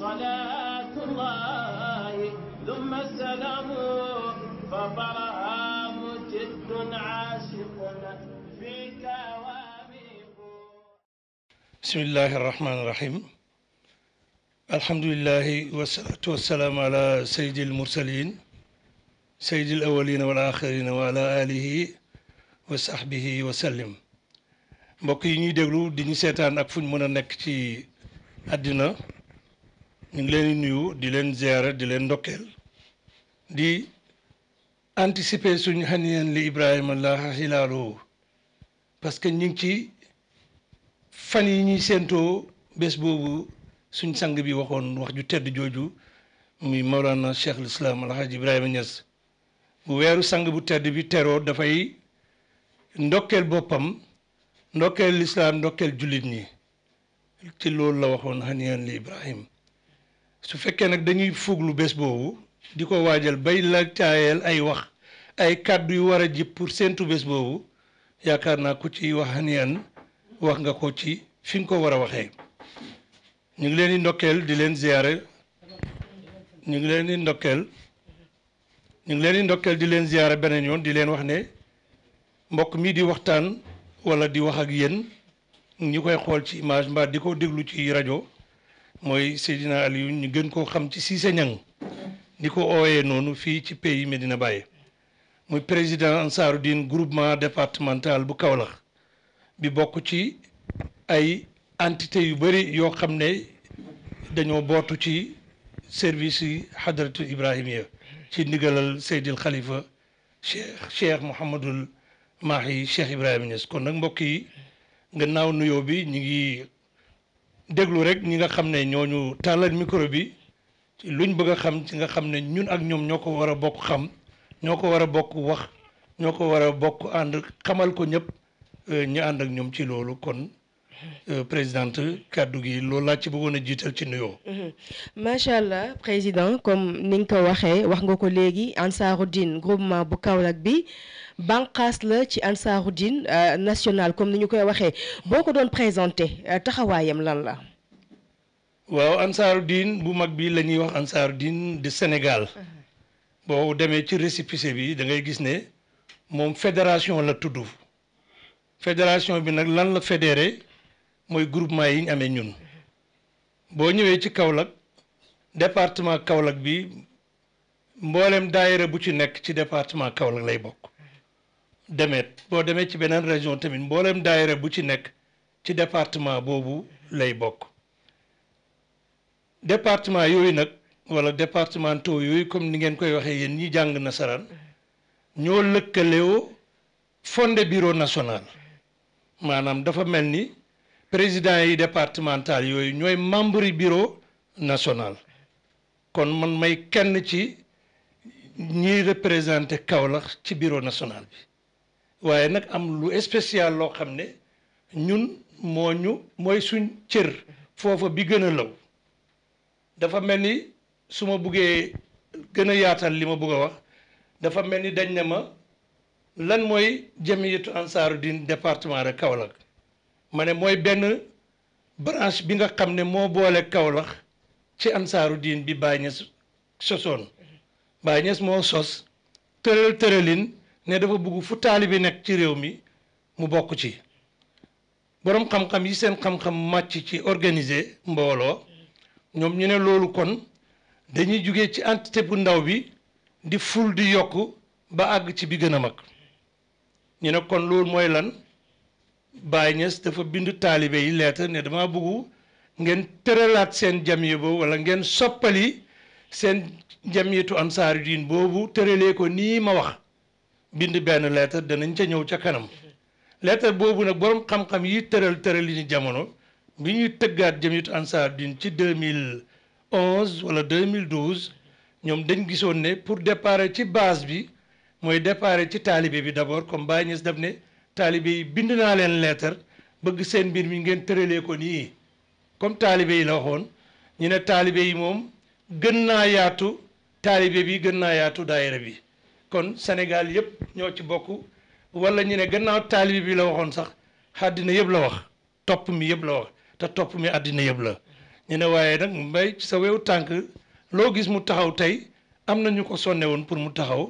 صلاة الله ثم السلام فطرها مجد عاشق فيك واميق بسم الله الرحمن الرحيم الحمد لله والصلاة والسلام على سيد المرسلين سيد الأولين والآخرين وعلى آله وصحبه وسلم mbokk yi ñuy déglu di ñu seetaan ak fu ñu mën a nekk ci àddina ñu ngi leen di nuyu di leen ziyaara di leen ndokkeel di anticiper suñu xaniyeen li Ibrahima la xilaaloo parce que ñu ngi ci fan yi ñuy séentoo bés boobu suñ sang bi waxoon wax ju tedd jooju muy Mawlana Cheikh al Islam Alhaji Ibrahima Niass bu weeru sang bu tedd bi teroo dafay ndokkeel boppam ndokkeel lislaam ndokkeel jullit ñi ci loolu la waxoon xaniyeen li Ibrahima su fekkee nag dañuy fuglu bés boobu di ko waajal bay la caayal ay wax ay kàddu yu war a jib pour séentu bés boobu yaakaar naa ko ci wax xaniyan wax nga ko ci fi nga ko war a waxee ñu ngi leen di ndokkeel di leen ziyaare ñu ngi leen di ndokkeel ñu ngi leen di ndokkeel di leen ziyaare beneen yoon di leen wax ne mbokk mi di waxtaan walla di wax ak yéen ñu koy xool ci image mbaa di ko déglu ci rajo mooy Seydina Aliou ñu gën koo xam ci Cissé Niang ni ko ooyee noonu fii ci pays Medina Baye muy président Ansaarudine groupement départemental bu Kaolack bi bokk ci ay entité yu bëri yoo xam ne dañoo bootu ci service yi xadaratu Ibrahimiya ci ndigalal Seydil Khalifa Cheikh Cheikh Mouhamadul Mahi Cheikh Ibrahima Niass kon nag mbokk yi nga naaw nuyoo bi ñu ngi. déglu rek ñi nga xam ne ñooñu tàllal micro bi lu luñ bëgg a xam ci nga xam ne ñun ak ñoom ñoo ko war a bokk xam ñoo ko war a bokk wax ñoo ko war a bokk ànd xamal ko ñëpp euh, ñu ànd ak ñoom ci loolu kon Euh, présidente kàddu gi loolu laa ci bëggoon a jiital ci nuyoo. Mm-hmm. macha allah président comme ni nga ko waxee wax nga ko léegi Ansaarud-Din groupement bu Kaolack bi bànqaas la ci Ansaarud-Din euh, national comme ni ñu koy waxee boo ko doon présenté euh, taxawaayam lan la. waaw Ansaarud-Din bu mag bi la ñuy wax Ansaarud-Din di Sénégal. Mm-hmm. boo demee ci récépissé bi da ngay gis ne moom fédération la tudd fédération bi nag lan la fédéré. mooy groupement yi ñu amee ñun boo ñëwee ci Kaolack département Kaolack bi mboolem daayira bu ci nekk ci département Kaolack lay bokk demeet boo demee ci beneen région tamit mbooleem daayira bu ci nekk ci département boobu lay bokk département yooyu nag wala départementaux yooyu comme ni ngeen koy waxee yéen ñi jàng nasaraan ñoo lëkkalewoo fonde bureau national maanaam dafa mel ni président yi départemental yooyu ñooy membre yi bureau national kon man may kenn ci ñiy représenté Kaolack ci bureau national bi waaye nag am lu spécial loo xam ne ñun moo ñu mooy suñ cër foofa bi gën a law dafa mel ni su ma buggee gën a yaatal li ma bugg a wax dafa mel ni dañ ne ma lan mooy jamiyatu ansaaru din département rek Kaolack ma ne mooy benn branche bi nga xam ne moo boole Kaolack ci ansaaru diin bi Baye Niass sosoon Baye moo sos tëral tëralin ne dafa bugg fu taalibe nekk ci réew mi mu bokk ci boroom xam-xam yi seen xam-xam màcc ci organiser mbooloo ñoom ñu ne loolu kon dañuy jóge ci entité bu ndaw bi di ful di yokk ba àgg ci bi gën a mag ñu ne kon loolu mooy lan Baye Niass dafa bind taalibe yi leeta ne dama bëgg ngeen tëralaat seen jamiya boobu wala ngeen soppali seen jamiyatu ansaaru boobu tëralee ko nii ma wax bind benn leetar danañ ca ñëw ca kanam leetar boobu nag borom xam-xam yi tëral tëral yi ni jamono bi ñuy tëggaat jamiyatu ansaaru diin ci 2011 wala 2012 ñoom dañ gisoon ne pour départ ci base bi mooy départ ci taalibe bi d'abord comme Baye Niass ne taalibe yi bind naa leen leetar bëgg seen mbir mi ngeen tëralee ko nii comme taalibe yi la waxoon ñu ne taalibe yi moom gën naa yaatu taalibe bi gën naa yaatu daayira bi kon senegaal yëpp ñoo ci bokk wala ñu ne gannaaw taalibe bi la waxoon sax àddina yëpp la wax topp mi yëpp la wax te topp mi àddina yëpp la ñu waaye nag mbay sa wew tànk loo gis mu taxaw tey am na ñu ko sonne woon pour mu taxaw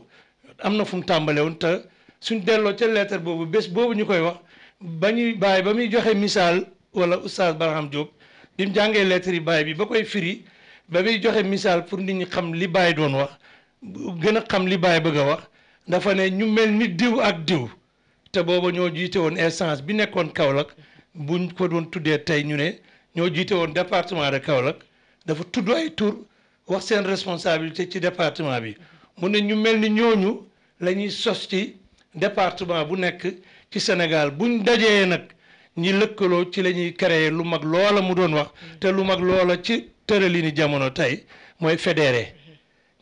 am na fu tàmbale woon te suñ delloo ca lettre boobu bés boobu ñu koy wax ba ñuy bàyyi ba muy joxe misaal wala oustaz Barham jóg bi mu jàngee lettre yi bàyyi bi ba koy firi ba muy joxe misaal pour nit ñi xam li bàyyi doon wax gën a xam li bàyyi bëgg a wax dafa ne ñu mel ni diw ak diw te booba ñoo jiite woon instance bi nekkoon Kaolack buñ ko doon tuddee tey ñu ne ñoo jiite woon département de Kaolack dafa tudd ay tur wax seen responsabilité ci département bi mu ne ñu ci département bu nekk ci Sénégal buñ dajee nag ñi lëkkaloo ci la ñuy créer lu mag loola mu doon wax te lu mag loola ci tërali ni jamono tey mooy fédéré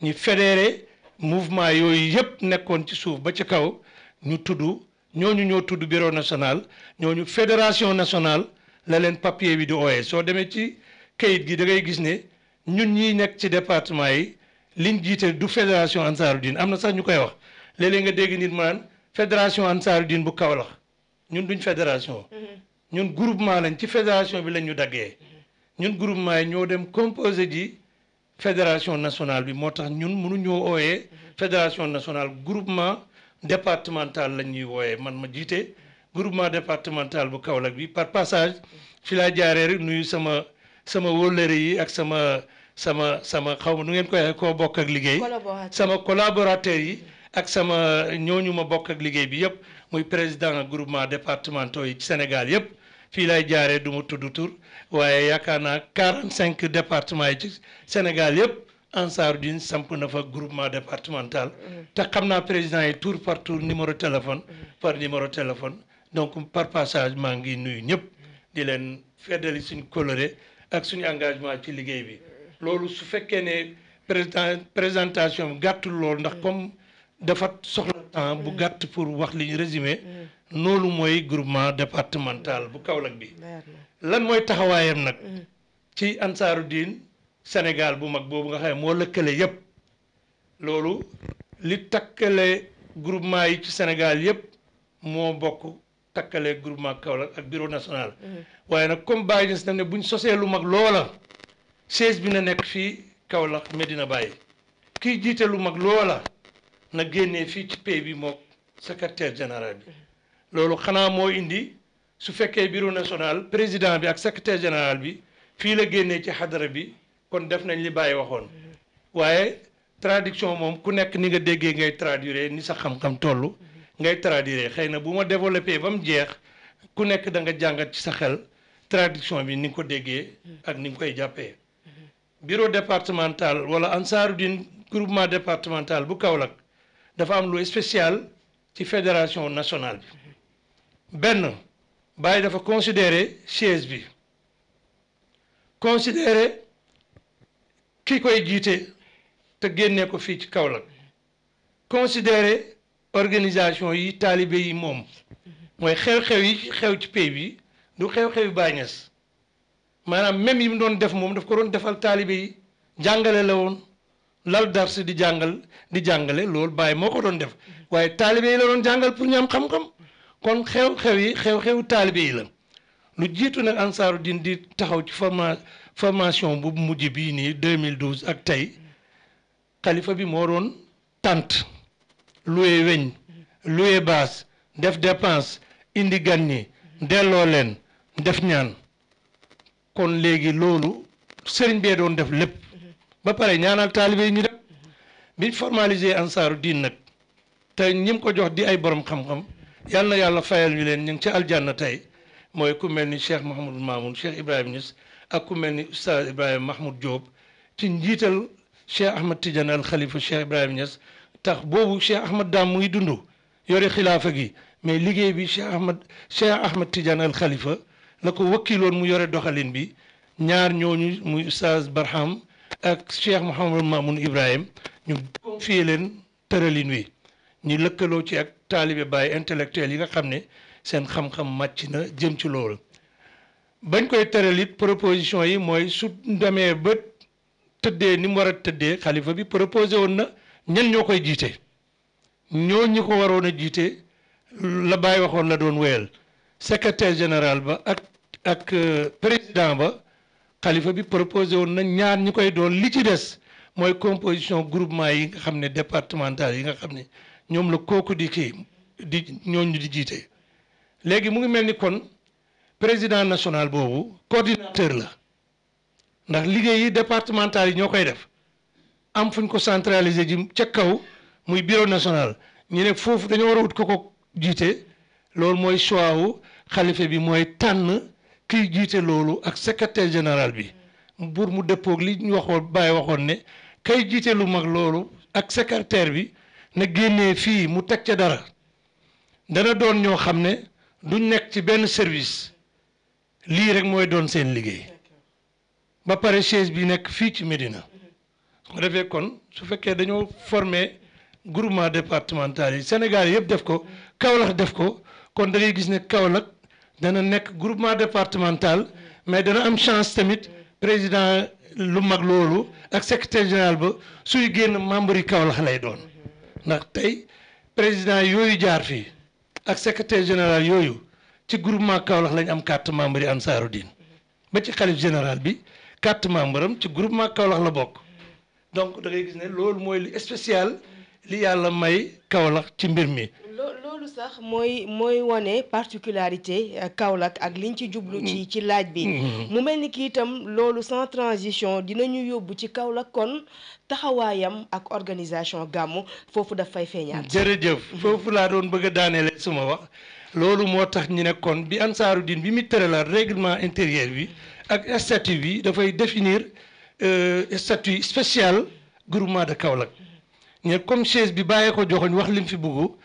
ñi fédéré mouvement yooyu yëpp nekkoon ci suuf ba ci kaw ñu tudd ñooñu ñoo tudd bureau national ñooñu fédération national la leen papier bi di ooyee soo demee ci kayit gi da ngay gis ne ñun ñiy nekk ci département yi liñ jiite du fédération Ansaarud-Din am na sax ñu koy wax léeg nga dégg nit mu fédération Ansaar Dine bu Kaolack ñun duñ fédération. Mm-hmm. ñun groupement lañ ci fédération bi lañ ñu daggee. Mm-hmm. ñun groupement yi ñoo dem composé ji fédération nationale bi moo tax ñun mënuñoo ooyee mm-hmm. fédération nationale groupement départemental lañ ñuy wooyee man ma jiite groupement départemental bu Kaolack bi par passage fi laa jaaree rek nuyu sama sama wóllëre yi ak sama sama sama xaw ma nu ngeen ko waxee koo bokk ak liggéey. sama collaborateur yi. ak sama ñooñu ma bokk ak liggéey bi yëpp muy président groupement départementaux yi Sénégal yëpp fii lay jaaree du ma tudd tur waaye yaakaar naa 45 départements yi ci Sénégal yëpp Ansaarud-Din samp na fa groupement départemental. Mm-hmm. te xam naa président yi tour par tour numéro téléphone. Mm-hmm. par numéro téléphone donc par passage ngi nuyu ñëpp di leen feddali suñ coloré ak suñu engagement ci liggéey bi mm-hmm. loolu su fekkee ne présentation gàttul loolu dafa soxla temps bu gàtt pour wax li ñu résumé mm. mooy groupement départemental bu Kaolack bi lan mooy taxawaayam nag mm. ci ansaaru diin Sénégal bu mag boobu nga xam ne moo lëkkale yépp loolu li takkale groupement yi ci Sénégal yépp moo bokk takkale groupement Kaolack ak bureau national mm. waaye nag comme bàyyi na ne buñ sosee lu mag loola siège bi na nekk fii Kaolack Medina Baye kiy jiite lu mag loola na génnee fii ci pays bi mook secrétaire général bi loolu xanaa moo indi su fekkee bureau national président bi ak secretaire général bi fii la génnee ci xadara bi kon def nañ li bàyyi waxoon waaye traduction moom ku nekk ni nga déggee ngay traduire ni sa xam-xam toll ngay traduire xëy na bu ma développé ba mu jeex ku nekk da nga jàngat ci sa xel traduction bi ni nga ko déggee ak ni nga koy jàppee bureau départemental wala Ansaarud-Din groupement départemental bu Kaolack dafa am lu spécial ci fédération nationale bi benn Baye dafa considérer chaise bi considérer ki koy jiite te génnee ko fii ci Kaolack considérer organisation yi taalibe yi moom mooy xew-xew yi xew ci pays bi du xew-xew yi Baye maanaam même yi mu doon def moom daf ko doon defal taalibe yi jàngale la woon lal darsi di jàngal di jàngale loolu bàyyi moo ko doon def waaye taalibe yi la doon jàngal pour ñu xam-xam kon xew-xew yi xew-xew taalibe yi la lu jiitu nag ansaaru din di taxaw ci forma formation bu mujj bii nii 2012 ak tey xalifa bi moo doon tànt loué weñ loué baas def dépense indi gan ñi delloo leen def ñaan kon léegi loolu sëriñ bee doon def lépp ba pare ñaanal taalibe yi ñu dem biñ ansaaru diin nag te ñim ko jox di ay borom xam-xam yal na yàlla fayal ñu leen ñu ngi ci aljanna tey mooy ku mel ni cheikh Mouhamadul Mamoun cheikh ibrahim Niass ak ku mel ni oustaz Ibrahima Mahmoud Diop ci njiital cheikh Ahmad Tidiane al Khalifa cheikh Ibrahima Niass tax boobu cheikh Ahmad daam mu ngi dund yore xilaafa gi mais liggéey bi cheikh Ahmad cheikh Ahmad Tidiane al Khalifa la ko wakkiloon mu yore doxalin bi ñaar ñooñu muy oustaz Barham. ak Cheikh Mouhamadul Mamoun Ibrahim ñu confié leen tëralin wi ñu lëkkaloo ci ak taalibe Baay intellectuel yi nga xam ne seen xam-xam màcc na jëm ci loolu bañ koy tëral it proposition yi mooy su demee ba tëddee ni mu war a tëddee xalifa bi proposé woon na ñen ñoo koy jiite ñoo ñi ko waroon a jiite la Baay waxoon la doon wéyal secretaire général ba ak ak euh, président ba xalifa bi proposé woon na ñaar ñi koy doon li ci des mooy composition groupement yi nga xam ne départemental yi nga xam ne ñoom la kooku di kii di ñooñu di jiite. léegi mu ngi mel ni kon président nationale boobu coordinateur la ndax liggéey yi départemental yi ñoo koy def am fuñ ko centraliser ji ca kaw muy bureau national ñu ne foofu dañoo war a wut ko ko jiite loolu mooy choix wu xalifa bi mooy tànn. kiy jiite loolu ak secretaire général bi buur mu dëppoog li ñu waxoon bàyyi waxoon ne kay jiite lu mag loolu ak secrétaire bi na génnee fii mu teg ca dara dana doon ñoo xam ne duñ nekk ci benn service lii rek mooy doon seen liggéey ba pare chaise bi nekk fii ci Médina su defee kon su fekkee dañoo former groupement départemental yi senegal yëpp def ko Kaolack def ko kon da gis ne Kaolack dana nekk groupement départemental mais dana am chance tamit président lu mag loolu ak secretaire général ba suy génn membre yi Kaolack lay doon ndax tey président yooyu jaar fii ak secretaire général yooyu ci groupement Kaolack lañu am carte membre yi Ansaarud-Din ba ci xalif général bi carte membre am ci groupement Kaolack la bokk donc da gis ne loolu mooy li spécial li yàlla may Kaolack ci mbir mi sax mooy mooy wane particularité euh, Kaolack ak liñ ci jublu ci mm. ci laaj bi mm-hmm. mu mel ni ki itam loolu sans transition ñu yóbbu ci Kaolack kon taxawaayam ak organisation gàmmu foofu daf fay feeñaat jërëjëf mm-hmm. foofu laa doon bëgg a daaneele suma wax loolu moo tax ñu ne kon bi ansaaru din bi mu tëralaat réglement intérieur bi ak statut bi dafay définir euh, statut spécial groupement de Kaolack mm-hmm. comme chaise bi bàyyee ko joxoñ wax lim fi bëggu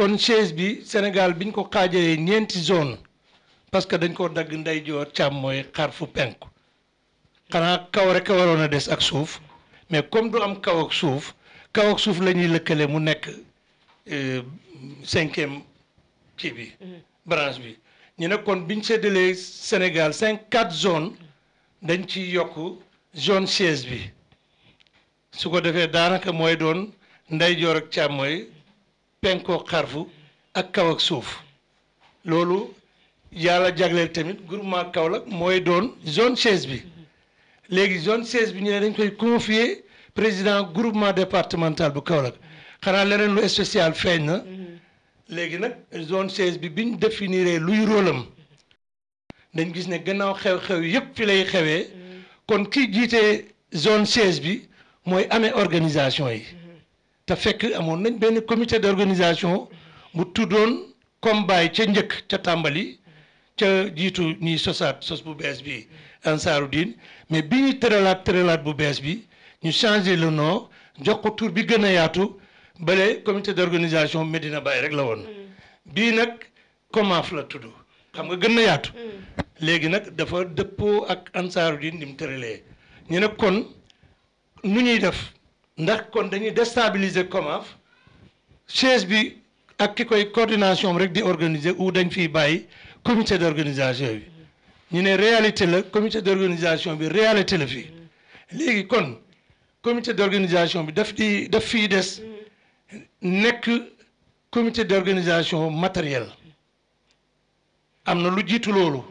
kon chaise bi Sénégal bi biñ ko xaajalee ñeenti zone parce que dañ koo dagg ndeyjoor càmmooy xar fu penku xanaa kaw rek a waroon a des ak suuf mais comme du am kaw ak suuf kaw ak suuf la ñuy lëkkale mu nekk euh, cinquième ci bi mm-hmm. branche bi ñu ne kon biñ séddalee Sénégal cinq quatre zones dañ ci yokk zone chaise bi su ko defee daanaka mooy doon ndeyjoor ak càmmooy penkook xarfu ak kaw ak suuf loolu yàlla jagleel tamit groupement Kaolack mooy doon zone chaise bi léegi zone 16 bi ñu ne dañ koy confier président groupement départemental bu Kaolack xanaa leneen lu spécial feeñ na léegi nag zone 16 bi biñ définir luy rôlam dañ gis ne gannaaw xew-xew yëpp fi lay xewee kon kiy jiitee zone 16 bi mooy amee organisation yi te fekk amoon nañ benn comité d'organisation bu tuddoon comme bàyyi ca njëkk ca tàmbali ca jiitu ñuy sosaat sos bu bees bi ansaaru diin mais bi ñu tëralaat tëralaat bu bees bi ñu changé le nom jox tour bi gën a yaatu bale comité d'organisation Medina bàyyi rek la woon mm. bii nag COMAF la tudd xam nga gën a yaatu mm. léegi nag dafa dëppoo ak ansaaru diin ni mu tëralee ñu ne kon nu ñuy def ndax kon dañuy déstabiliser COMAF chaise bi ak ki koy coordination rek di organiser ou dañ fiy bàyyi comité d' organisation bi ñu ne réalité la comité d' organisation bi réalité la fii léegi kon comité d' organisation bi daf di daf fii des nekk commité d' organisation matériel am na lu jiitu loolu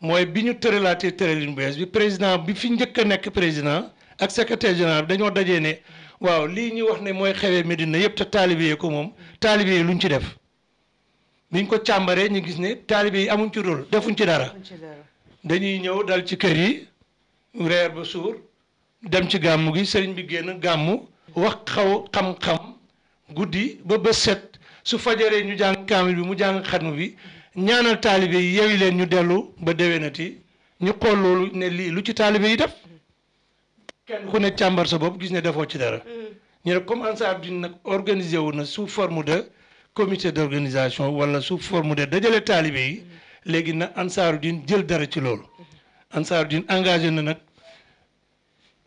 mooy bi ñu tëralaatee tëralin bees bi président bi fi njëkk a nekk président ak secretaire secrétaire bi dañoo dajee ne waaw lii ñuy wax ne mooy xewee Medina yëpp te taalibe yi ko moom taalibe yi luñ ci def biñ ko càmbaree ñu gis ne taalibe yi amuñ ci rôle defuñ ci dara dañuy ñëw dal ci kër yi reer ba suur dem ci gàmmu gi sëriñ bi génn gàmmu wax xaw xam-xam guddi ba bés su fajaree ñu jàng kaamil bi mu jàng xatmu bi ñaanal taalibee yi yewi leen ñu dellu ba déwénati ñu xool loolu ne lii lu ci taalibe yi def kenn ku ne càmbar sa bopp gis ne defoo ci dara. Mm. ñu ne comme Ansaar Dine nag organiser wu na sous forme de comité d' organisation wala sous forme de dajale taalibe yi mm. léegi nag Ansaar Dine jël dara ci loolu. Mm-hmm. Ansaar Dine engage na nag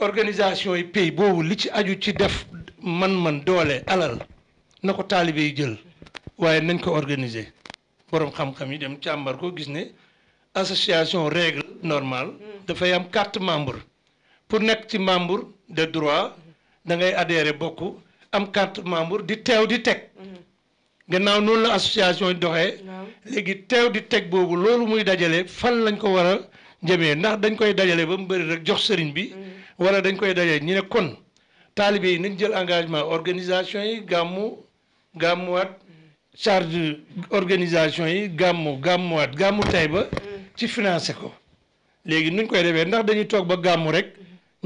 organisation yi pays boobu li ci aju ci def man-man doole alal na ko taalibe yi jël waaye nañ ko organiser borom xam-xam yi dem càmbar koo gis ne association règle normal mm. dafay am quatre membre pour nekk ci membre de droit da ngay adhéré bokk am carte membre di teew di teg mhm. gannaaw noonu la association yi doxee léegi teew di teg boobu loolu muy dajale fan lañ ko war a jëmee ndax dañ koy dajale ba mu bëri rek jox sëriñ bi mhm. wala dañ koy dajale ñu ne kon taalibe yi nañ jël engagement organisation yi gàmmu gàmmuwaat mhm. charge organisation yi gàmmu gàmmuwaat gàmmu tey ba ci financé ko léegi nuñ koy defee ndax dañuy toog ba gàmmu rek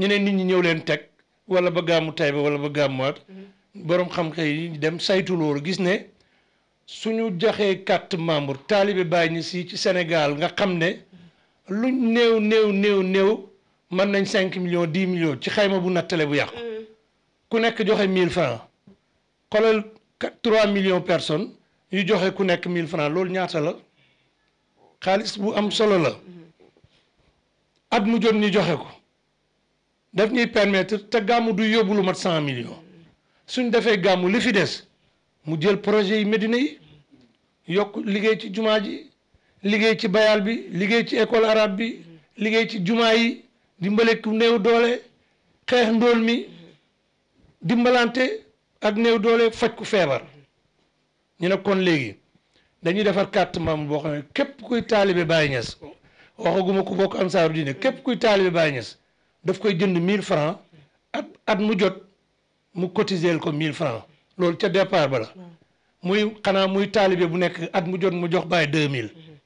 ñeneen nit ñi ñëw leen teg wala ba gàmmu Tayba wala ba gàmmu mhm. borom xam-xam yi dem saytu loolu gis ne suñu joxee carte membre taalibe bàyyi ñu si ci Sénégal nga xam ne mhm. lu néew néew néew néew mën nañ cinq millions dix millions ci xayma bu nattale bu yàqu mhm. ku nekk joxe mille francs xoolal trois millions personnes yu joxe ku nekk mille francs loolu ñaata la xaalis bu am solo la at mu jot ñu joxe ko daf ñuy permettre te gàmmu du yóbbulu mat cent millions suñ defee gàmmu li fi des mu jël projet yi Medina yi yokk liggéey ci jumaa ji liggéey ci bayal bi liggéey ci école arabe bi liggéey ci jumaa yi dimbale ku néew doole xeex ndóol mi dimbalante ak néew doole faj ku feebar ñu ne kon léegi dañuy defar carte membre boo xam ne képp kuy taalibe Baye Niass waxaguma ku bokk ansaaru diine képp kuy taalibe Baye Niass daf koy jënd mille francs at at mu jot mu cotiser ko 1000 francs loolu ca départ ba la hmm. muy xanaa muy taalibe bu nekk at mu jot mu jox bàyyi mille hmm.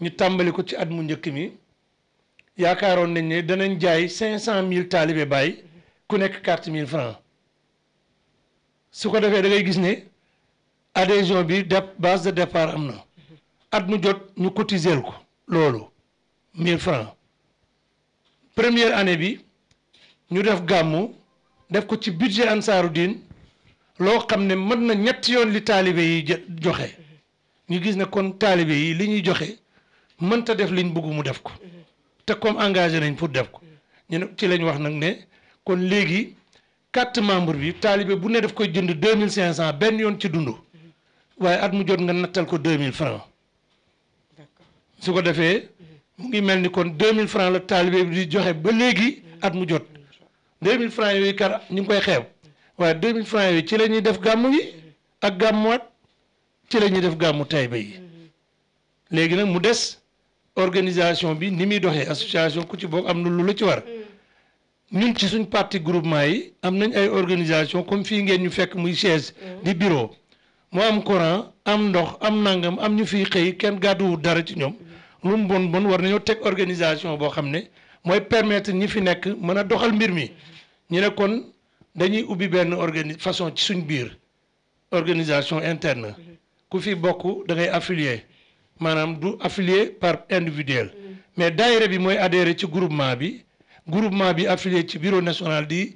ñu tàmbali ko ci at mu njëkk mi yaakaaroon nañ ne danañ jaay cent mille taalibe bàyyi ku nekk mille francs su ko defee dangay gis ne adhésion bi de base de départ am na hmm. at mu jot ñu cotiser ko loolu 1000 francs première année bi ñu def gàmmu def ko ci budget ansaaru diin loo xam ne mën na ñetti yoon li taalibe yi joxe ñu gis ne kon taalibe yi li ñuy joxe mënta def liñ bëgg mu def ko te comme engagé nañ pour def ko ñu ne ci lañ wax nag ne kon léegi carte membre bi taalibe bu ne def koy jënd deux mille cinq cent benn yoon ci dund waaye at mu jot nga nattal ko deux mille francs su ko defee mu ngi mel ni kon mille francs la taalibe bi di joxe ba léegi at mu jot 2000 francs yooyu kar ñu ngi koy xeeb waaye 2000 francs yooyu ci la ñuy def gàmmu yi ak gàmmuwaat ci la ñuy def gàmmu Taïba yi léegi nag mu des organisation bi ni muy doxee association ku ci bokk am na lu la ci war ñun ci suñ parti groupement yi am nañ ay organisation comme fii ngeen ñu fekk muy chaise di bureau mu am courant am ndox am nangam am ñu fiy xëy kenn gàdduwul dara ci ñoom. lu mu bon bon war nañoo teg organisation boo xam ne mooy permettre ñi fi nekk mën a doxal mbir mi ñu ne kon dañuy ubbi benn organi façon ci suñ biir organisation interne ku fi bokk da ngay affilié maanaam du affilié par individuel mais daayira bi mooy adhéré ci groupement bi groupement bi affilié ci bureau nationale di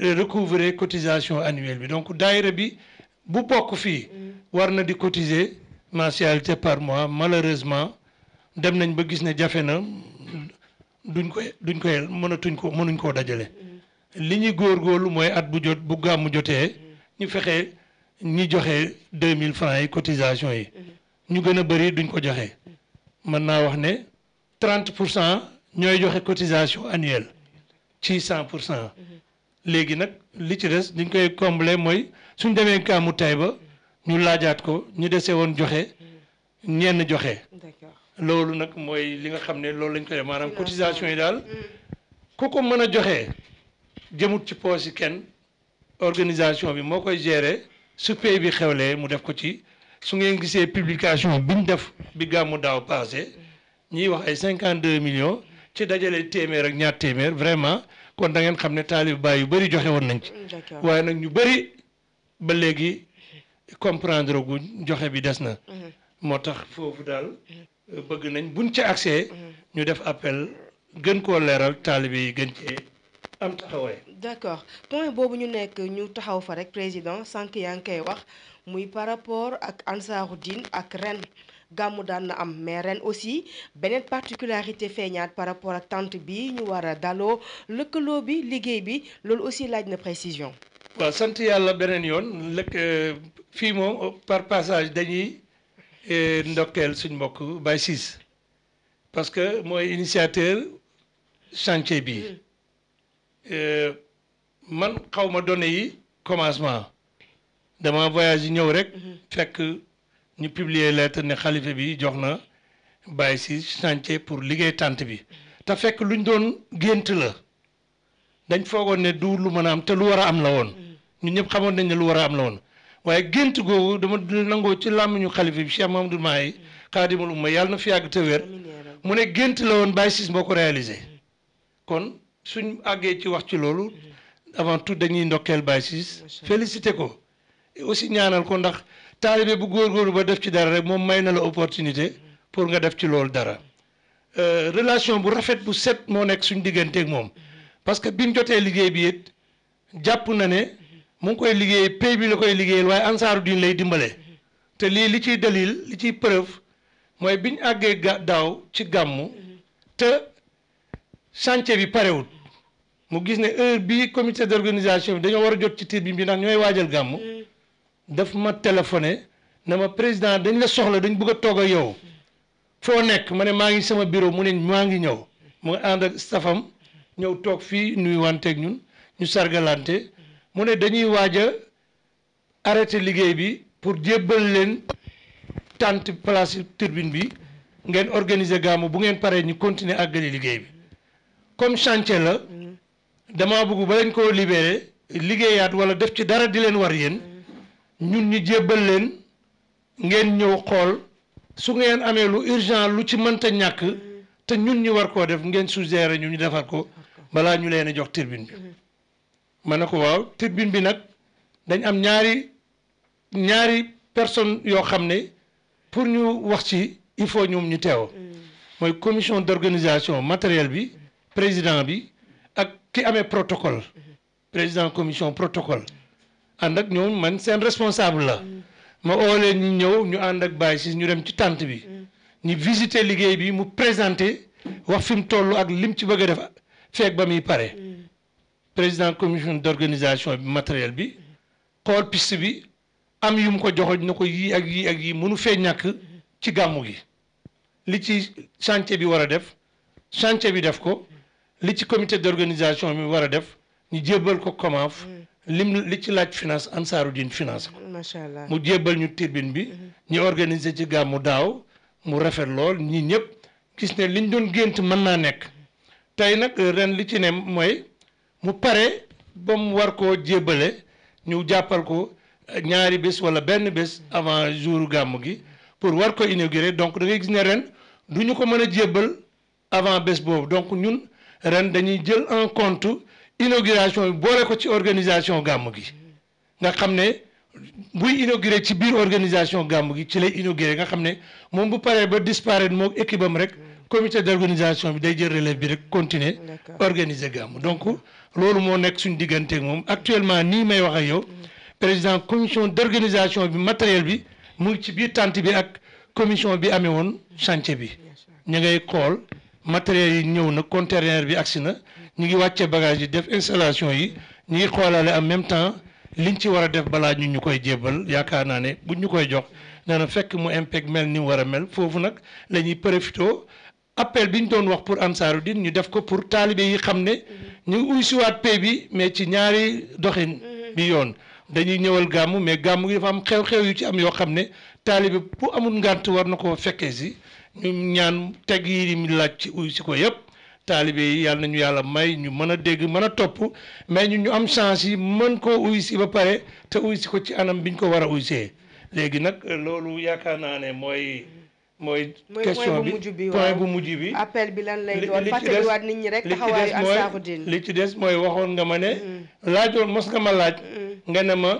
euh, recouvrer cotisation annuelle bi donc daayira bi bu bokk fii mm. war na di cotiser mensualité par mois malheureusement dem nañ ba gis ne jafe na duñ ko duñ ko mënatuñ ko mënuñ koo dajale. Mm. li ñuy góorgóorlu mooy at bu jot bu gàmmu jotee mm. ñu fexe ñi joxe deux mille francs yi cotisation yi mm. ñu gën a bëri duñ ko joxe mën naa wax ne trente pour cent ñooy joxe cotisation annuelle ci cent pour cent mm-hmm. léegi nag li ci des diñ koy combler mooy suñ demee kàmmu tay ba ñu laajaat ko ñu desee woon joxe ñenn joxe loolu nag mooy li nga xam ne loolu lañ ko def maanaam cotisation yi daal mm. ku ko mën a joxe jëmut ci poos yi kenn organisation bi moo koy gérer su pay bi xewlee mu def ko ci su ngeen gisee publication biñ def bi gàmmu daaw passé ñiy wax ay cinquante deux millions ci dajale téeméer ak ñaar téeméer vraiment kon da ngeen xam ne taalib baay yu bëri joxe woon nañ ci mm, waaye nag ñu bëri ba léegi comprendre guñ joxe bi des na mm-hmm. moo tax foofu daal mm-hmm. bëgg nañ buñ ca accès. Mm-hmm. ñu def appel gën koo leeral taalibe yi gën cee am taxawaay. d'accord point boobu ñu nekk ñu taxaw fa rek président sànq yaa ngi koy wax muy par rapport ak ansaaru diin ak ren. gàmmu daan am mais ren aussi beneen particularité feeñaat par rapport ak tente bi ñu war a daloo lëkkaloo bi liggéey bi loolu aussi laaj na précision. waaw sant yàlla beneen yoon lëkk euh, fii moom par passage dañuy E ndokkeel suñ mbokk Baye sis parce que mooy initiateur chantier bi mm. e, man xaw ma données yi commencement dama voyage yi ñëw rek mm-hmm. fekk ñu publier lettre ne xalifa bi jox na Baye Ciss chantier pour liggéey tànt bi te fekk luñ doon gént la dañ foogoon ne du lu mën a am te lu war a am la woon mm. ñun ñëpp xamoon nañ lu war a am la woon waaye gént googu dama nangoo ci làmmiñu xalifa bi Cheikh Mahamadou Mahi xaadimul umma yàlla na fi yàgg te mu ne gént la woon Baye Ciss moo ko réalisé kon suñ àggee ci wax ci loolu avant dañuy ndokkeel Baye Ciss félicité ko aussi ñaanal ko ndax taalibe bu góor góoru ba def ci dara rek moom may na la opportunité pour nga def ci loolu dara euh, relation bu rafet bu set moo nekk suñ digganteeg moom parce que bi mu jotee liggéey bi it jàpp na ne mu ngi koy liggéey pay bi la koy liggéeyal waaye ansaaru diin lay dimbale te lii li ciy dalil li ciy preuve mooy biñ àggee ga daaw ci gàmmu te chantier bi parewut mu gis ne heure bii comité d'organisation bi dañoo war a jot ci tribune bi ndax ñooy waajal gàmmu daf ma téléphoné na ma président dañ la soxla dañ bëgg a toog ak yow foo nekk ma ne maa ngi sama bureau mu ne maa ngi ñëw mu ànd ak stafam ñëw toog fii nuyu wanteeg ñun ñu sargalante mu ne dañuy waaj a arrêté liggéey bi pour jébbal leen tente place turbine bi ngeen organiser gàmmu bu ngeen paree ñu continuer àggali liggéey bi comme chantier la dama bëgg ba lañ koo libéré liggéeyaat wala def ci dara di leen war yéen ñun ñu jébbal leen ngeen ñëw xool su ngeen amee lu urgent lu ci mënta ñàkk te ñun ñu war koo def ngeen suggéré ñu ñu defar ko balaa ñu leen a jox tirbin bi ma ne ko waaw tribune bi nag dañ am ñaari ñaari personne yoo xam ne pour ñu wax ci il faut ñoom ñu teew mm. mooy commission d'organisation matériel bi président bi ak ki amee protocole mm-hmm. président commission protocole ànd ak ñoom man seen responsable la mm. ma oo leen ñu ñëw ñu ànd ak bàyyi si ñu dem ci tànt bi mm. ñu visiter liggéey bi mu présenter wax fi mu toll ak lim ci bëgg a def feeg ba muy pare président commission d'organisation bi matériel bi xool piste bi am yu mu ko joxoñ na ko yii ak yii ak yii mënu fee ñàkk ci gàmmu gi li ci chantier bi war a def chantier bi def ko li ci comité d'organisation bi war a def ñu jébbal ko COMAF mm. lim li ci laaj finance Ansaarud-Din finance ko macha allah mu jébbal ñu tribune bi mm-hmm. ñu organiser ci gàmmu daaw mu rafet lool ñi ñëpp gis ne liñ doon gént mën naa nekk tey nag ren li ci ne mooy mu pare ba mu war koo jébbale ñu jàppal ko eh, ñaari bés wala benn bés avant jour gàmm gi pour war ko inaugurer donc da gis ne ren du ñu ko mën a jébbal avant bés boobu donc ñun ren dañuy jël en compte inauguration bi boole ko ci organisation gàmm gi nga xam ne buy inauguré ci biir organisation gàmm gi ci lay inauguré nga xam ne moom bu paree ba disparaître moo équipe rek comité d'organisation bi day jël relève bi rek continuer organiser gàmmu donc loolu moo nekk suñu diggante moom actuellement nii may wax ak yow président commission d'organisation bi matériel bi mu ngi ci biir tànt bi ak commission bi amee woon chantier bi ñu ngay xool matériel yi ñëw na conteneur bi agsi na ñu ngi wàcce bagage yi def installation yi ñu ngi xoolaale en même temps li liñ ci war a def balaa ñu ñu koy jébbal yaakaar naa ne buñ ñu koy jox nee na fekk mu impec mel ni mu war a mel foofu nag lañuy ñuy appel bi ñu doon wax pour Ansaarud-Din ñu def ko pour taalibe yi xam ne ñu uy siwaat bi mais ci ñaari doxin bi yoon dañuy ñëwal gàmm mais gàmm gi dafa am xew-xew yu ci am yoo xam ne taalibe bu amul ngànt war na ko fekkee si ñu ñaan teg yi mi laaj ci uy ko yëpp taalibe yi yàlla nañu yàlla may ñu mën a dégg mën a topp mais ñu ñu am chance yi mën koo uy ba pare te uy si ko ci anam biñ ko war a uy léegi nag loolu yaakaar naa ne mooy mooy question bi point bu mujj bi appel bi lan lay ñi rek taxawaayu Ansaaruddin li ci des mooy waxoon nga ma ne mm. laajoon mos nga ma laaj mm. nga ne ma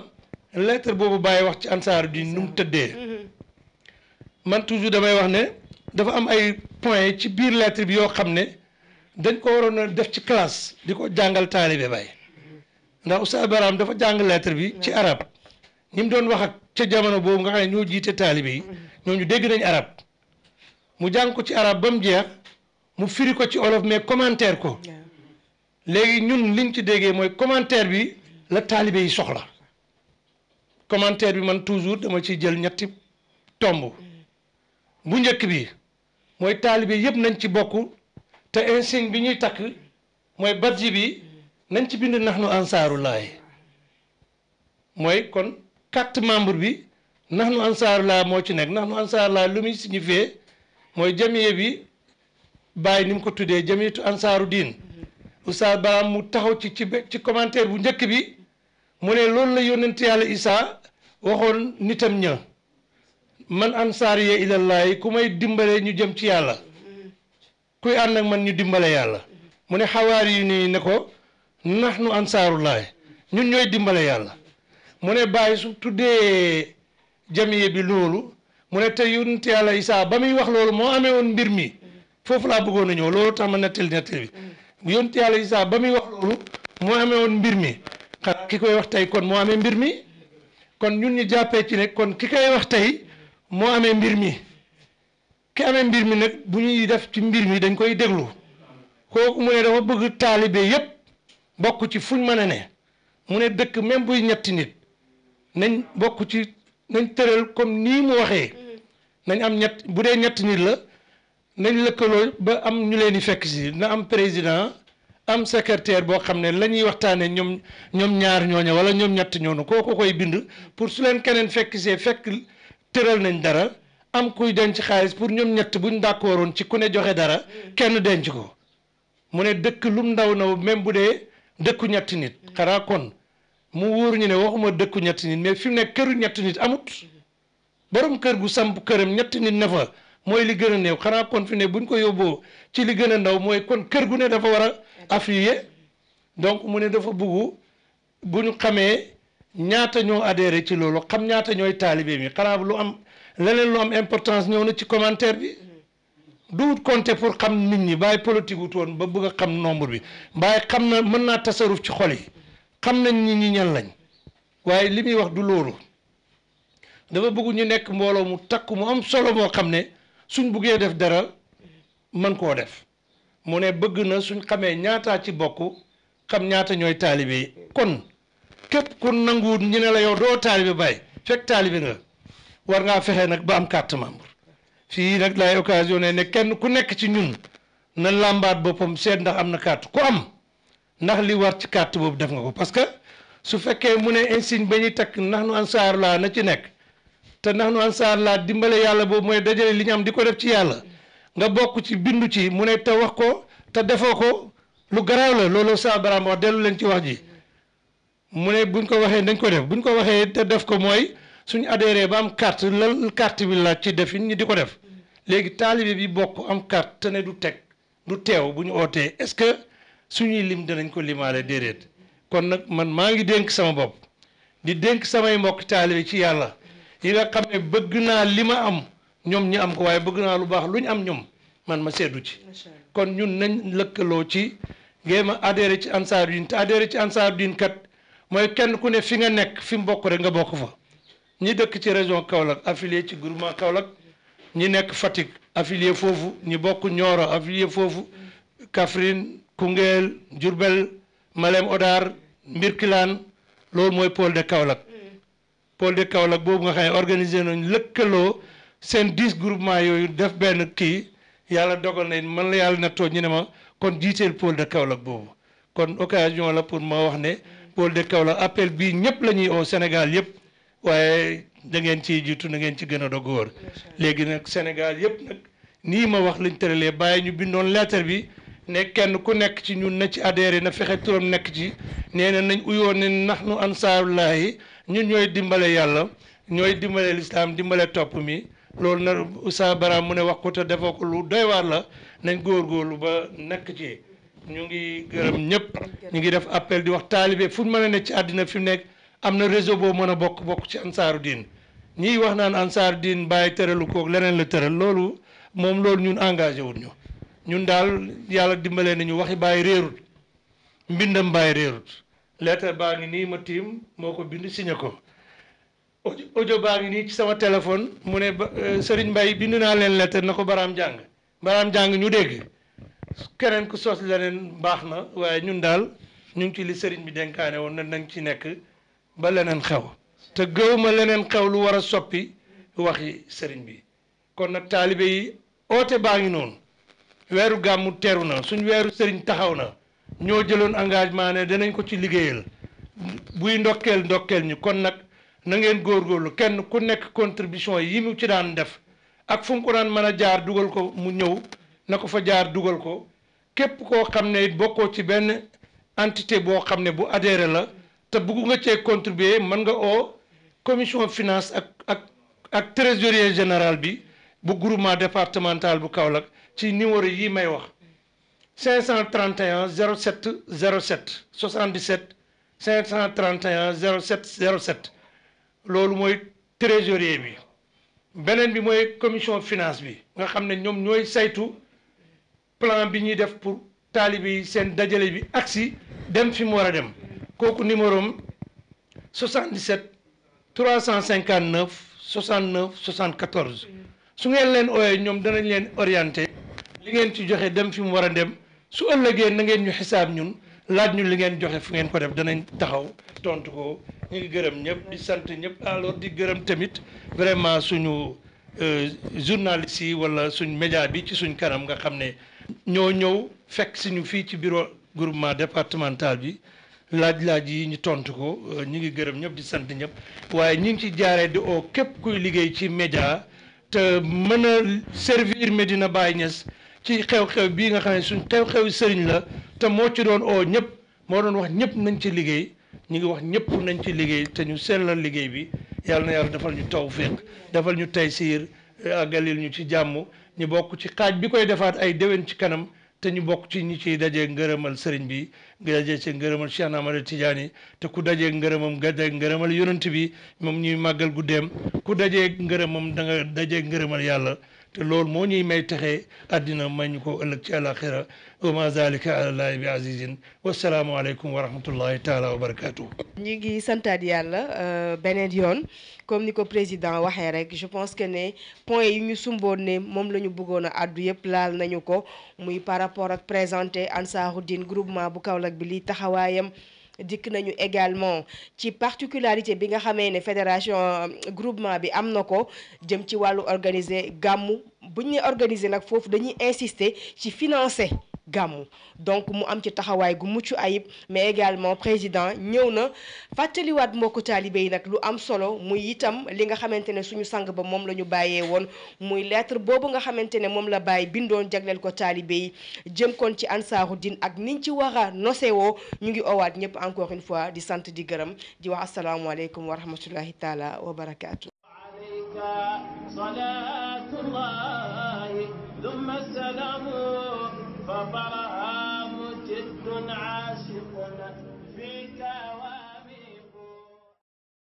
lettre boobu bàyyi wax ci Ansaaruddin nu mu tëddee mm-hmm. man toujours damay wax ne dafa am ay point ci biir lettre bi yoo xam ne dañ ko waroon a def ci classe di ko jàngal taalibe Baay mm-hmm. ndax Oustaz Barham dafa jàng lettre bi ci mm-hmm. arab ñi mu doon wax ak ca jamono boobu nga xam ne ñoo jiite taalibe yi ñooñu dégg nañ arab mu jàng ko ci arab ba mu jeex mu firi ko ci olof mais commentaire ko léegi ñun liñ ci déggee mooy commentaire bi la taalibe yi soxla commentaire bi man toujours dama ciy jël ñetti tomb mm. bu njëkk bi mooy taalibe yëpp nañ ci bokk te insigne bi ñuy takk mooy badji bi nañ ci bind nax nu ansaarullaahi mooy kon carte membre bi nax nu ansaarullaahi moo ci nekk nax nu ansaarullaahi lu muy signifié mooy jamiye bi bàyyi ni mu ko tuddee jamiyatu ansaaru diin Oustaz Ba mu taxaw ci ci ci commentaire bu njëkk bi mu ne loolu la yónnent yàlla Isaa waxoon nitam ña man ansaar ya ilallaay ku may dimbalee ñu jëm ci yàlla kuy ànd ak man ñu dimbale yàlla mu ne xawaar yi ni ne ko nax nu ansaarullaay ñun ñooy dimbale yàlla mu ne bàyyi su tuddee jamiye bi loolu mu ne te yonent yàlla Isaa ba muy wax loolu moo amee woon mbir mi foofu laa bëggoon a ñëw loolu tax ma nettali nettali bi mm. yonent yàlla Isaa ba muy wax loolu moo amee woon mbir mi xanaa ki koy wax tey kon moo amee mbir mi kon ñun ñu jàppee ci ne kon ki koy wax tey moo amee mbir mi ki amee mbir mi nag bu ñuy def ci mbir mi dañ koy déglu kooku mu ne dafa bëgg taalibe yépp bokk ci fuñ mën a ne mu ne dëkk même buy ñetti nit nañ bokk ci nañ tëral comme nii mu waxee nañ am ñett bu dee ñett nit la nañ lëkkaloo ba am ñu leen di fekk si na am président am secrétaire boo xam ne la ñuy waxtaanee ñoom ñoom ñaar ñooña wala ñoom ñett ñooñu ko koy bind pour su leen keneen fekk see fekk tëral nañ dara am kuy denc xaalis pour ñoom ñett buñ waroon ci ku ne joxe dara kenn denc ko mu ne dëkk lum ndaw na même bu dee dëkku ñetti nit xanaa kon mu wóor ñu ne waxuma dëkku ñett nit mais fi mu ne kër ñetti nit amut borom kër gu samp këram ñetti nit ne fa mooy li gën a néew xanaa kon fi ne ko yóbboo ci li gën a ndaw mooy kon kër gu ne dafa war a affilier donc mu ne dafa bugg bu ñu xamee ñaata ñoo adhéré ci loolu xam ñaata ñooy taalibe mi xanaa lu am leneen lu am importance ñëw na ci commentaire bi duut compter pour xam nit ñi bàyyi politique wut ba bëgg a xam nombre bi bàyyi xam na mën naa tasaruf ci xol yi xam nañ nit ñi ñan lañ waaye li muy wax du loolu. dafa bëgg ñu nekk mbooloo mu takk mu am solo moo xam ne suñ buggee def dara man koo def mu ne bëgg na suñ xamee ñaataa ci bokk xam ñaata ñooy taalibe yi kon képp ku nanguwut ñu ne la yow doo taalibe Baye fekk taalibe nga war ngaa fexe nag ba am carte membre fii nag laay occasionné ne kenn ku nekk ci ñun na làmbaat boppam seet ndax am na carte ko am ndax li war ci carte boobu def nga ko parce que su fekkee mu ne insigne ba ñuy takk ndax nu ansaar laa na ci nekk te nahnu ansaar laa dimbale yàlla boobu mooy dajale li ñu am di ko def ci yàlla nga bokk ci bindu ci mu ne te wax ko te defoo ko lu garaaw la loolu saa baraam wax dellu leen ci wax ji mu ne buñ ko waxee dañ ko def buñ ko waxee te def ko mooy suñu adhéré ba am carte lan carte bi laaj ci def ñi di ko def léegi taalibe bi bokk am carte te ne du teg du teew bu ñu ootee est-ce que suñuy lim dinañ ko limaale déedéet kon nag man maa ngi dénk sama bopp di dénk samay mbokk taalibe ci yàlla yi nga xam ne bëgg naa li ma am ñoom ñi am ko waaye bëgg naa lu baax lu ñu am ñoom man ma seddu ci kon ñun nañ lëkkaloo ci ngay ma adhéré ci ansaaru diin te ci ansaaru diin mooy kenn ku ne fi nga nekk fi mu bokk rek nga bokk fa ñi dëkk ci région Kaolack affilié ci groupement Kaolack ñi nekk Fatick affilié foofu ñi bokk ñooro affilié foofu kafrin Koungheul Diourbel Malem Odar Mbirkilaan loolu mooy pôle de Kaolack pôle de Kaolack boobu nga xam ne organisé nañu lëkkaloo seen dix groupement yooyu def benn kii yàlla dogal na man la yàlla nattoo ñu ne ma kon jiiteel pôle de Kaolack boobu kon occasion la pour ma wax ne pôle de Kaolack appel bii ñëpp la ñuy oo Sénégal yëpp waaye da ngeen ciy jiitu na ngeen ci gën a doog wóor léegi nag Sénégal yëpp nag nii ma wax lañ tëralee bàyyi ñu bindoon lettre bi ne kenn ku nekk ci ñun na ci adhéré na fexe turam nekk ci nee na nañ uyoo ne nax nu ansaarullahi ñun ñooy dimbale yàlla ñooy dimbale lislaam dimbale topp mi loolu na Oustaz Bara mu ne wax ko te defoo ko lu doy waar la nañ lu ba nekk ci ñu ngi gërëm ñëpp ñu ngi def appel di wax taalibe fu mën a ne ci àddina fi mu nekk am na réseau boo mën a bokk bokk ci ansaaru diin ñiy wax naan ansaaru din bàyyi tëralu koog leneen la tëral loolu moom loolu ñun engagé wut ñu ñun daal yàlla dimbalee nañu waxi bàyyi réerut mbindam bàyyi réerut lettre baa ngi nii ma tiim moo ko bind signé ko ojo baa ngi nii ci sama téléphone mu ne euh, Serigne mbay bind naa leen lettre na ko baraam jàng baraam jàng ñu dégg keneen ku sos leneen baax na waaye ñun daal ñu ngi ci li Serigne bi dénkaane woon na nañ ci nekk ba leneen xew te gëwuma leneen xew lu war a soppi waxi sëriñ bi kon nag taalibe yi oote baa ngi noonu weeru gàmmu teeru na suñ weeru Serigne taxaw na ñoo jëloon engagement ne danañ ko ci liggéeyal buy ndokkeel ndokkeel ñi kon nag na ngeen góorlu kenn ku nekk contribution yi mu ci daan def ak fu mu ko daan mën a jaar dugal ko mu ñëw na ko fa jaar dugal ko képp koo xam ne bokkoo ci benn entité boo xam ne bu adhéré la te bëgg nga cee contribuer mën nga oo commission finance ak ak ak trésorier général bi bu groupement départemental bu Kaolack ci numéro yi may wax 531 07 07 77 531 07 07 loolu mooy trésorier bi beneen bi mooy commission finance bi nga xam ne ñoom ñooy saytu plan bi ñuy def pour taalibe yi seen dajale bi agsi dem fi mu war a dem kooku numéro am 77 359 69 74 su ngeen leen ooyee ñoom danañ leen orienté li ngeen ci joxe dem fi mu war a dem. su ëllëgee na ngeen ñu xisaab ñun laaj ñu li ngeen joxe fu ngeen ko def danañ taxaw tontu ko ñu ngi gërëm ñëpp di sant ñëpp di gërëm tamit vraiment suñu euh, journalistes yi wala suñ média bi ci suñ kanam nga xam ne ñoo ñëw fekk si fii ci bureau groupement départemental bi laaj-laaj yi ñu tontu ko euh, ñu ngi gërëm ñëpp di sant ñëpp waaye ñu ngi ci jaaree di oo képp kuy liggéey ci média te mën a servir Medina Baye Niass ci xew-xew bii nga xam ne suñ xew-xewi sëriñ la te moo ci doon oo ñëpp moo doon wax ñëpp nañ ci liggéey ñu ngi wax ñëpp nañ ci liggéey te ñu sellal liggéey bi yàlla na yàlla defal ñu tawfiq defal ñu taysiir àggalil ñu ci jàmm ñu bokk ci xaaj bi koy defaat ay déwén ci kanam te ñu bokk ci ñu ciy dajee ngërëmal sëriñ bi nga dajee ci ngërëmal Cheikh Ahmada Tidiane te ku dajee ngërëmam nga dajee ngërëmal yonent bi moom ñuy màggal guddeem ku dajee ngërëmam da nga dajee ngërëmal yàlla te loolu moo ñuy may texe àddina may ñu ko ëllëg ci àlaxira wa ma zalika ala llahi bi azizin wasalaamualeykum wa rahmatullahi taala wa barakatuh ñu ngi santaat yàlla euh, beneen yoon comme ni ko président waxee rek je pense que ne point yu ñu sumboon ne moom la ñu bëggoon a àddu yëpp laal nañu ko muy par rapport ak présenté Ansaroudine groupement bu Kaolack bi liy taxawaayam dikk nañu également ci particularité bi nga xamee ne fédération euh, groupement bi am na ko jëm ci wàllu organiser gàmmu bu ñu nee organiser nag foofu dañuy insister ci financer. gàmmu donc mu am ci taxawaay gu mucc ayib mais également président ñëw na fàttaliwaat mbokku taalibe yi nag lu am solo muy itam li nga xamante ne suñu sang ba moom lañu bàyyee woon muy lettre boobu nga xamante ne moom la bàyyi bindoon jagleel ko taalibe yi jëm kon ci ansaaru din ak niñ ci war a nosewoo ñu ngi owaat ñëpp encore une fois di sant di gërëm di wax asalaamualeykum wa rahmatullahi taala wa barakaatu. صلاة الله ثم السلام فطرها متد عاد